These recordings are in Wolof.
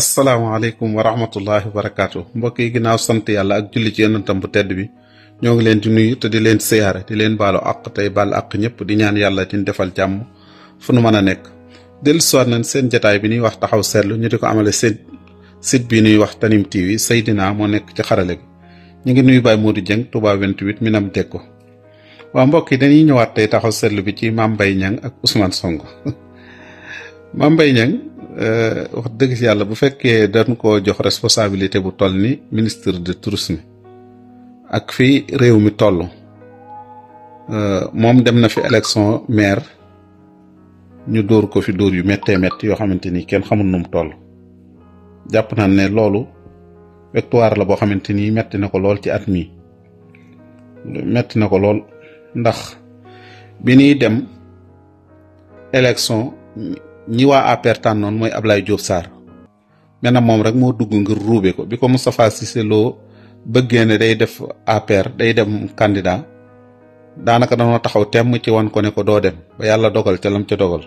asalaamaaleykum wa rahmatullahi wa barakaatu mbokk yi ginnaaw sant yàlla ak julli ci yonentam bu tedd bi ñoo ngi leen di nuyu te di leen siyaare di leen baalo àq tey baal àq ñëpp di ñaan yàlla di defal jàmm fu nu mën a nekk. dellusiwaat nañ seen jataay bi ñuy wax taxaw seetlu ñu di ko amale seen site bi nuy wax Tanim TV Seydina moo nekk ci xarale gi ñu ngi nuyu di Modou Dieng Touba 28 Minam Dekko. waaw mbokk yi dañuy ñëwaat tey taxaw seetlu bi ci Mame Mbaye Niang ak Ousmane Sonko Euh, wax dëgg yàlla bu fekkee dañ ko jox responsabilité bu toll ni ministre de tourisme ak fii réew mi toll euh, moom dem na fi élection maire ñu dóor ko fi dóor yu méttee mett yoo xamante ni kenn xamul nu mu toll jàpp naa ne loolu victoire la boo xamante ni metti na ko lool ci at mi metti na ko lool ndax bi ñuy dem élection ñi waa APR tànnoon mooy Ablaye Diop Sarr mais nag moom rek moo dugg ngir ruube ko bi ko safaa si seloo bëggee ne day def APR day dem candidat daanaka danoo taxaw temm ci wan ko ne ko doo dem ba yàlla dogal ca lam ca dogal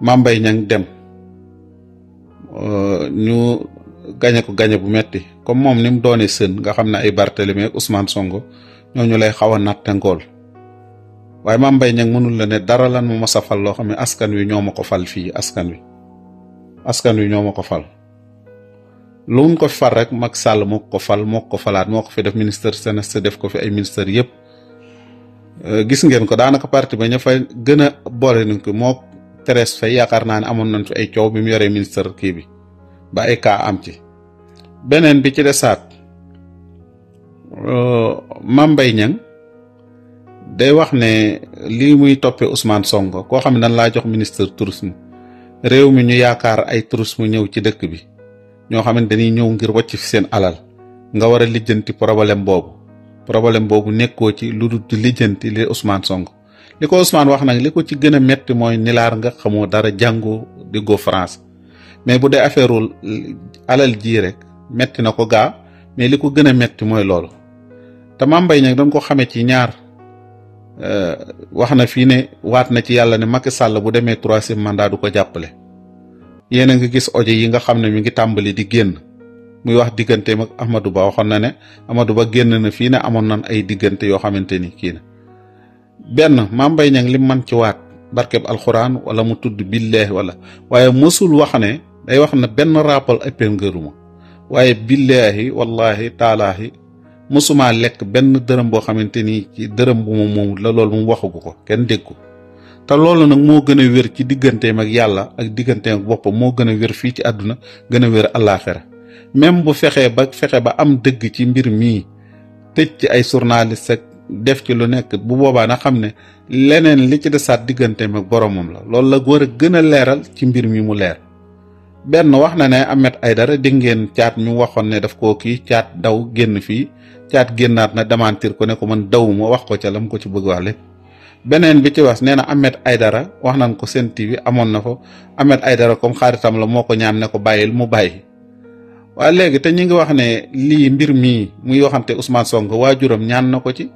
Mame Mbaye Niang dem ñu gañe ko gañe bu metti comme moom ni mu doone sën nga xam ne ay Barthélemy ak songo Sonko ñoo ñu lay xaw a nattengool waaye Mame mbay Niang mënul la ne dara lan ma masa fal loo xam ne askan wi ñoo ma ko fal fii askan wi askan wi ñoo ma ko fal lu mu ko fal rek mag Sall moo ko fal moo ko falaat moo ko fi def ministre CNSA def ko fi ay ministère yëpp euh, gis ngeen ko daanaka parti ba ña fa gën a boole nañ ko moo Thérèse Faye yaakaar naa ne amoon nañ fi ay coow bi mu yoree ministère kii bi ba ay cas am ci beneen bi ci desaat euh, Mame mbay Niang day wax ne lii muy toppee Ousmane Sonko koo xam ne dañ laa jox ministre tourisme réew mi ñu yaakaar ay tourisme ñëw ci dëkk bi ñoo xam ne dañuy ñëw ngir wàcc fi seen alal nga war a lijjanti problème boobu problème boobu nekkoo ci lu du di lijjanti li Ousmane Sonko li ko Ousmane wax nag li ko ci gën a métti mooy nilaar nga xamoo dara jàngoo diggoo France mais bu dee affaire alal jii rek métti na ko gaa mais li ko gën a métti mooy loolu te Mame nag dañ ko xamee ci Euh, wax na fii ne waat na ci yàlla ne Macky Sall bu demee troisième mandat du ko jàppale yéen a ngi gis audio yi nga xam ne mi ngi tàmbali di génn muy wax digganteem mag Amadou Ba waxoon na ne Amadou Ba génn na fii ne amoon nan ay diggante yoo xamante ni kii na benn Mame Mbaye Niang li man ci waat barkeb alxuraan wala mu tudd billaahi wala waaye mësul wax ne day wax na benn rappal ëppeen waaye billaahi wallaahi taalaahi mësumaa lekk benn dërëm boo xamante ni ci dërëm bu mu moom la lool moom waxugu ko kenn dégg ko te loolu nag moo gën a wér ci digganteem ak yàlla ak digganteem ak boppam moo gën a wér fii ci àdduna gën a wér àllaaxira même bu fexee ba fexe ba am dëgg ci mbir mii tëj ci ay journaliste ak def ci lu nekk bu boobaa na xam ne leneen li ci desaat digganteem ak boromam la loolu la war a gën a leeral ci mbir mi mu leer benn wax na ne Ahmed Aidara dégg ngeen caat ñu waxoon ne daf koo kii caat daw génn fii caat génnaat na demantir ko ne ko man dawuma wax ko ca mu ko ci bëgg wax beneen bi ci was nee na Ahmed Aidara wax nañ ko seen TV amoon na fa Ahmed Aidara comme xaaritam la moo ko ñaan ne ko bàyyil mu bàyyi waaye léegi te ñi ngi wax ne lii mbir mii muy waxante Ousmane sonk waajuram ñaan na ko ci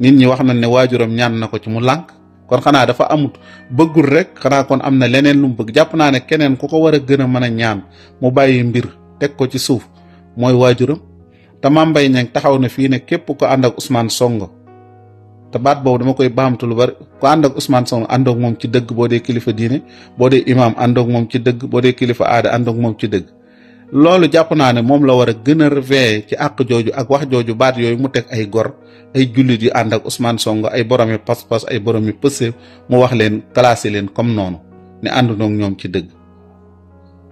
nit ñi wax nañ ne waajuram ñaan na ko ci mu lànk kon xanaa dafa amut bëggul rek xanaa kon am na leneen lu mu bëgg jàpp naa ne keneen ku ko war a gën a mën a ñaan mu bàyyi mbir teg ko ci suuf mooy waajuram te Mame Mbaye Niang taxaw na fii ne képp ko ànd ak Ousmane Sonko te baat boobu dama koy baamtu lu bari ku ànd ak Ousmane Sonko moom ci dëgg boo dee kilifa diine boo dee imaam ànd moom ci dëgg boo dee kilifa aada àndoog ak moom ci dëgg loolu jàpp naa ne moom la war a gën a veiller ci àq jooju ak wax jooju baat yooyu mu teg ay gor ay jullit yu ànd ak usmaan songo ay borom yu pas-pas ay borom yu pëse mu wax leen classé leen comme noonu ne ànd noog ñoom ci dëgg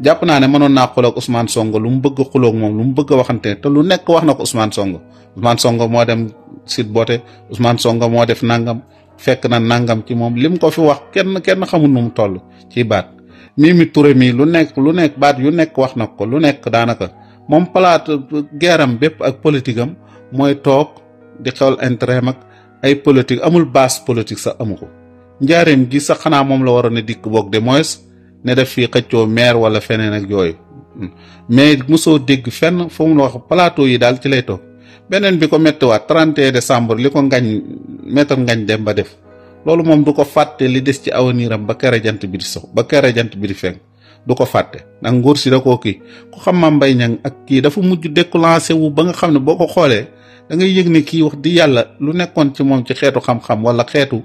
jàpp naa ne mënoon naa xuloog Ousmane songo lu mu bëgg a xuloog moom lu mu bëgg a waxante te lu nekk wax na ko Ousmane Sonko Ousmane Sonko moo dem site boote Ousmane songo moo def nangam fekk na nangam ci moom lim ko fi wax kenn kenn xamul nu mu toll ci baat mi Touré mii lu nekk lu nekk baat yu nekk wax na ko lu nekk daanaka moom palaat bépp ak politique am mooy toog. di xewal intérêt mag ay politique amul base politique sax amu ko njaareem gi sax xanaa moom la waroon a dikk boog de moins ne def fii xëccoo maire wala feneen ak yooyu hmm. mais mosoo dégg fenn fu mu wax plateau yi daal ci lay toog beneen bi ko méttiwaat 31 décembre li ko ngañ maître ngañ dem ba def loolu moom du ko fàtte li des ci avenir niiram ba kere jant bi di sox ba kere jant bi di fenk du ko fàtte ndax nguur si da koo kii ku xam ma mbay ñang ak kii dafa mujj déclenché wu ba nga xam ne boo ko xoolee da ngay yëg ne kii wax di yàlla lu nekkoon ci moom ci xeetu xam-xam wala xeetu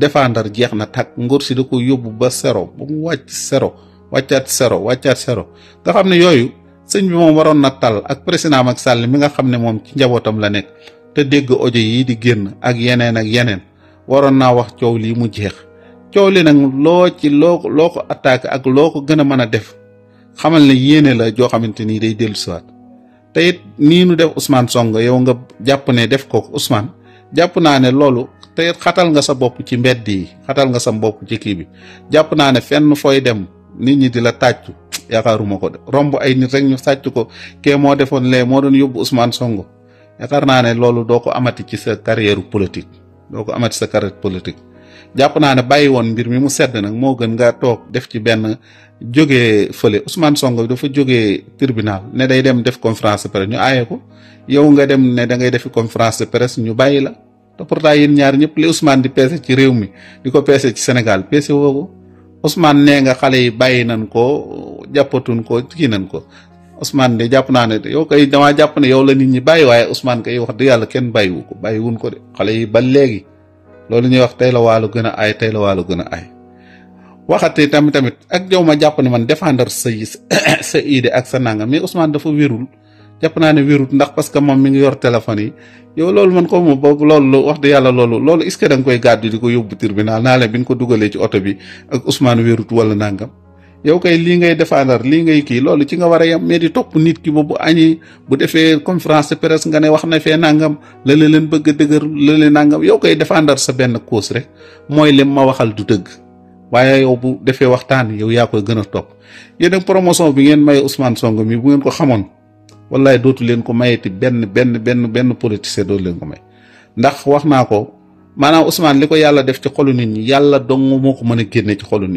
défendre jeex na tàkk ngóor si da ko yóbbu ba sero ba mu wàcc sero wàccaat sero wàccaat sero nga xam ne yooyu sëñ bi moom waroon na tal ak président ak sàll mi nga xam ne moom ci njabootam la nekk te dégg ojo yi di génn ak yeneen ak yeneen waroon naa wax coow lii mu jeex coow li nag loo ci loo loo ko attaque ak loo ko gën a mën a def xamal ne yéene la joo xamante ni day dellusiwaat te it nii nu def usmaan Sonko yow nga jàpp ne def ko usmaan jàpp naa ne loolu te xatal nga sa bopp ci mbedd yi xatal nga sa bopp ci kii bi jàpp naa ne fenn fooy dem nit ñi di la tàccu yaakaaruma ko de romb ay nit rek ñu sàcc ko kee moo defoon lee moo doon yóbbu Ousmane Sonko yaakaar naa ne loolu doo ko amati ci sa carrière politique doo ko amati sa carrière politique jàpp naa ne bàyyi woon mbir mi mu sedd nag moo gën nga toog def ci benn jógee fële Ousmane Sonko dafa jóge tribunal ne day dem def conférence de presse ñu aaye ko yow dem ne da ngay defi conférence de presse ñu bàyyi la te pourtant ñaar ñëpp li Ousmane di peese ci réew mi di ko peese ci Sénégal peese woo ko Ousmane nee nga xale yi bàyyi nañ ko jàppatuñ ko kii nañ ko Ousmane de jàpp naa ne yow kay damaa jàpp ne yow la nit ñi bàyyi waaye Ousmane kay wax dëgg yàlla kenn bàyyiwu ko bàyyiwuñ ko de xale yi ba léegi loolu ñuy wax tey la waalo gën a ay tey la waalu gën a ay waxati tamit tamit ak jow ma jàpp ne man défendre sa sa idée ak sa nangam mais Ousmane dafa wérul jàpp naa ne wérul ndax parce que moom mi ngi yor téléphone yi yow loolu man koo moom boog loolu wax dëgg yàlla loolu loolu est-ce que koy gàddu di ko yóbbu tribunal naa leen bi nga ko dugalee ci oto bi ak Ousmane wérut wala nangam. yow kay lii ngay défendre lii ngay kii loolu ci nga war a yem mais di topp nit ki ba bu añi bu defee conférence de presse nga ne wax na fee nangam la la leen bëgg a dëgër la leen nangam yow kay défendre sa benn cause rek mooy lim ma waxal du dëgg waaye yow bu defee waxtaan yow yaa koy gën a topp yéen promotion bi ngeen may Ousmane Sonko mi bu ngeen ko xamoon wallaay dootu leen ko mayeti benn benn benn benn politicien dootu leen ko may ndax wax naa ko maanaam Ousmane li ko yàlla def ci xolu nit ñi yàlla dong moo ko mën a génne ci xol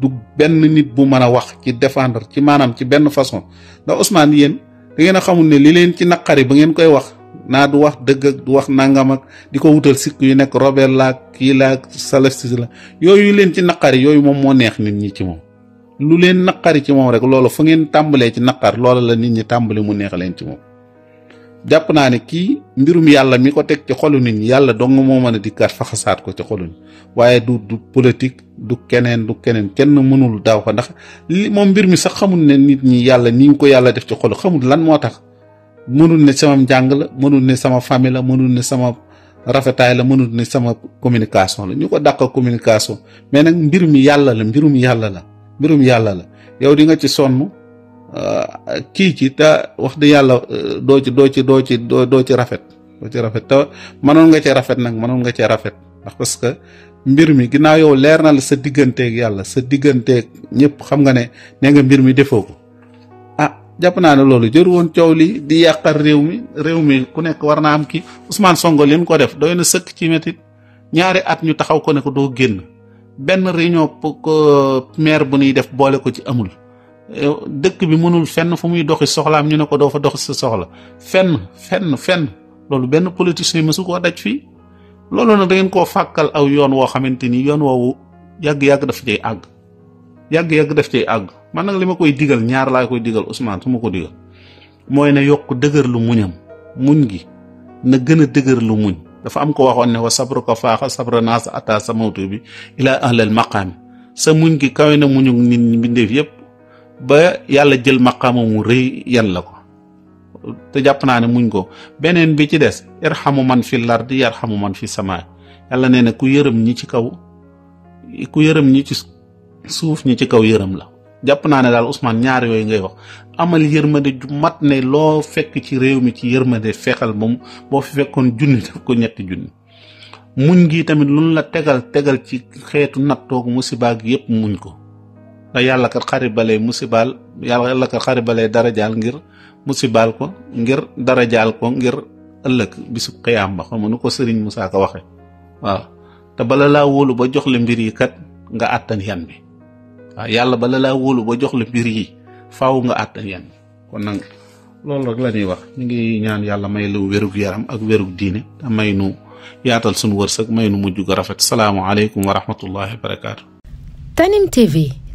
du benn nit bu mën a wax ci défendre ci maanaam ci benn façon ndax Ousmane yéen da ngeen a xamul ne li leen ci naqari ba ngeen koy wax naa du wax dëgg ak du wax nangam ak di ko wutal sikk yu nekk Robert laak kii laak Salafis la yooyu leen ci naqari yooyu moom moo neex nit ñi ci moom. lu leen naqari ci moom rek loolu fa ngeen tàmbalee ci naqar loola la nit ñi tàmbali mu neex leen ci moom. jàpp naa ne kii mbirum yàlla mi ko teg ci xolu nit ñi yàlla dong moo mën a dikkaat faxasaat ko ci xolu nit waaye du du politique du keneen du keneen kenn mënul daaw ko ndax moom mbir mi sax xamul ne nit ñi yàlla ni ko yàlla def ci xolu xamul lan moo tax mënul ne sama njàng la mënul ne sama famille la mënul ne sama rafetaay la mënul ne sama communication la ñu ko dàq communication mais nag mbir mi yàlla la mbirum yàlla la mbirum yàlla la yow di nga ci sonn Euh, kii ci te wax dëgg yàlla euh, doo ci doo ci doo ci doo ci rafet doo ci rafet te mënoon nga cee rafet nag mënoon nga cee rafet ndax parce que mbir mi ginnaaw yow leer na la sa digganteeg yàlla sa digganteeg ñëpp xam nga ne nee nga mbir mi defoo ko ah jàpp naa ne loolu jër woon coow li di yàqal réew mi réew mi ku nekk war naa am ki Ousmane songo li mu ko def doy na sëkk ci métit ñaari at ñu taxaw ko ne ko doo génn benn réunion pour que maire bu ñuy def boole ko ci amul dëkk bi mënul fenn fu muy doxi soxlaam ñu ne ko doo fa doxi sa soxla fenn fenn fenn loolu benn politicien su koo daj fii loolu nag dangeen koo fàkkal aw yoon woo xamante ni yoon woowu yàgg-yàgg daf cay àgg yàgg-yàgg daf cay àgg man nag li ma koy digal ñaar laa koy digal Ousmane su ma ko digal mooy ne yokk dëgër lu muñam muñ gi na gën a dëgër lu muñ dafa am ko waxoon ne wa sabru ko faaxa sabra naas ata sa moto bi ilaa ahlal maqaami sa muñ gi kawe na muñu nit ñi mbindeef yépp ba yàlla jël maqaama mu rëy yan la ko te jàpp naa ne muñ ko beneen bi ci des yarxamu man fi lardi yarxamu man fi samaa yàlla nee na ku yërëm ñi ci kaw ku yërëm ñi ci suuf ñi ci kaw yërëm la jàpp naa ne daal Ousmane ñaar yooyu ngay wax amal yërmande ju mat ne loo fekk ci réew mi ci yërmande fexal ba mu boo fi fekkoon junni def ko ñetti junni muñ gi tamit lu la tegal tegal ci xeetu nattoog musibaag yépp muñ ko ndax yàlla kat xari balay musibaal yàlla kat xari balay darajaal ngir baal ko ngir dara jaal ko ngir ëllëg bisub xiyaam ba xam nu ko sëriñ Moussa ko waxe waaw te bala laa wóolu ba jox la mbir yi kat nga àttan yan bi waaw yàlla bala laa wóolu ba jox la mbir yi faw nga àttan yan bi kon nag loolu rek la ñuy wax ñu ngi ñaan yàlla may lu wérug yaram ak wérug diine te may nu yaatal sunu wërsëg may nu mujj gu rafet salaamu aleykum wa rahmatullahi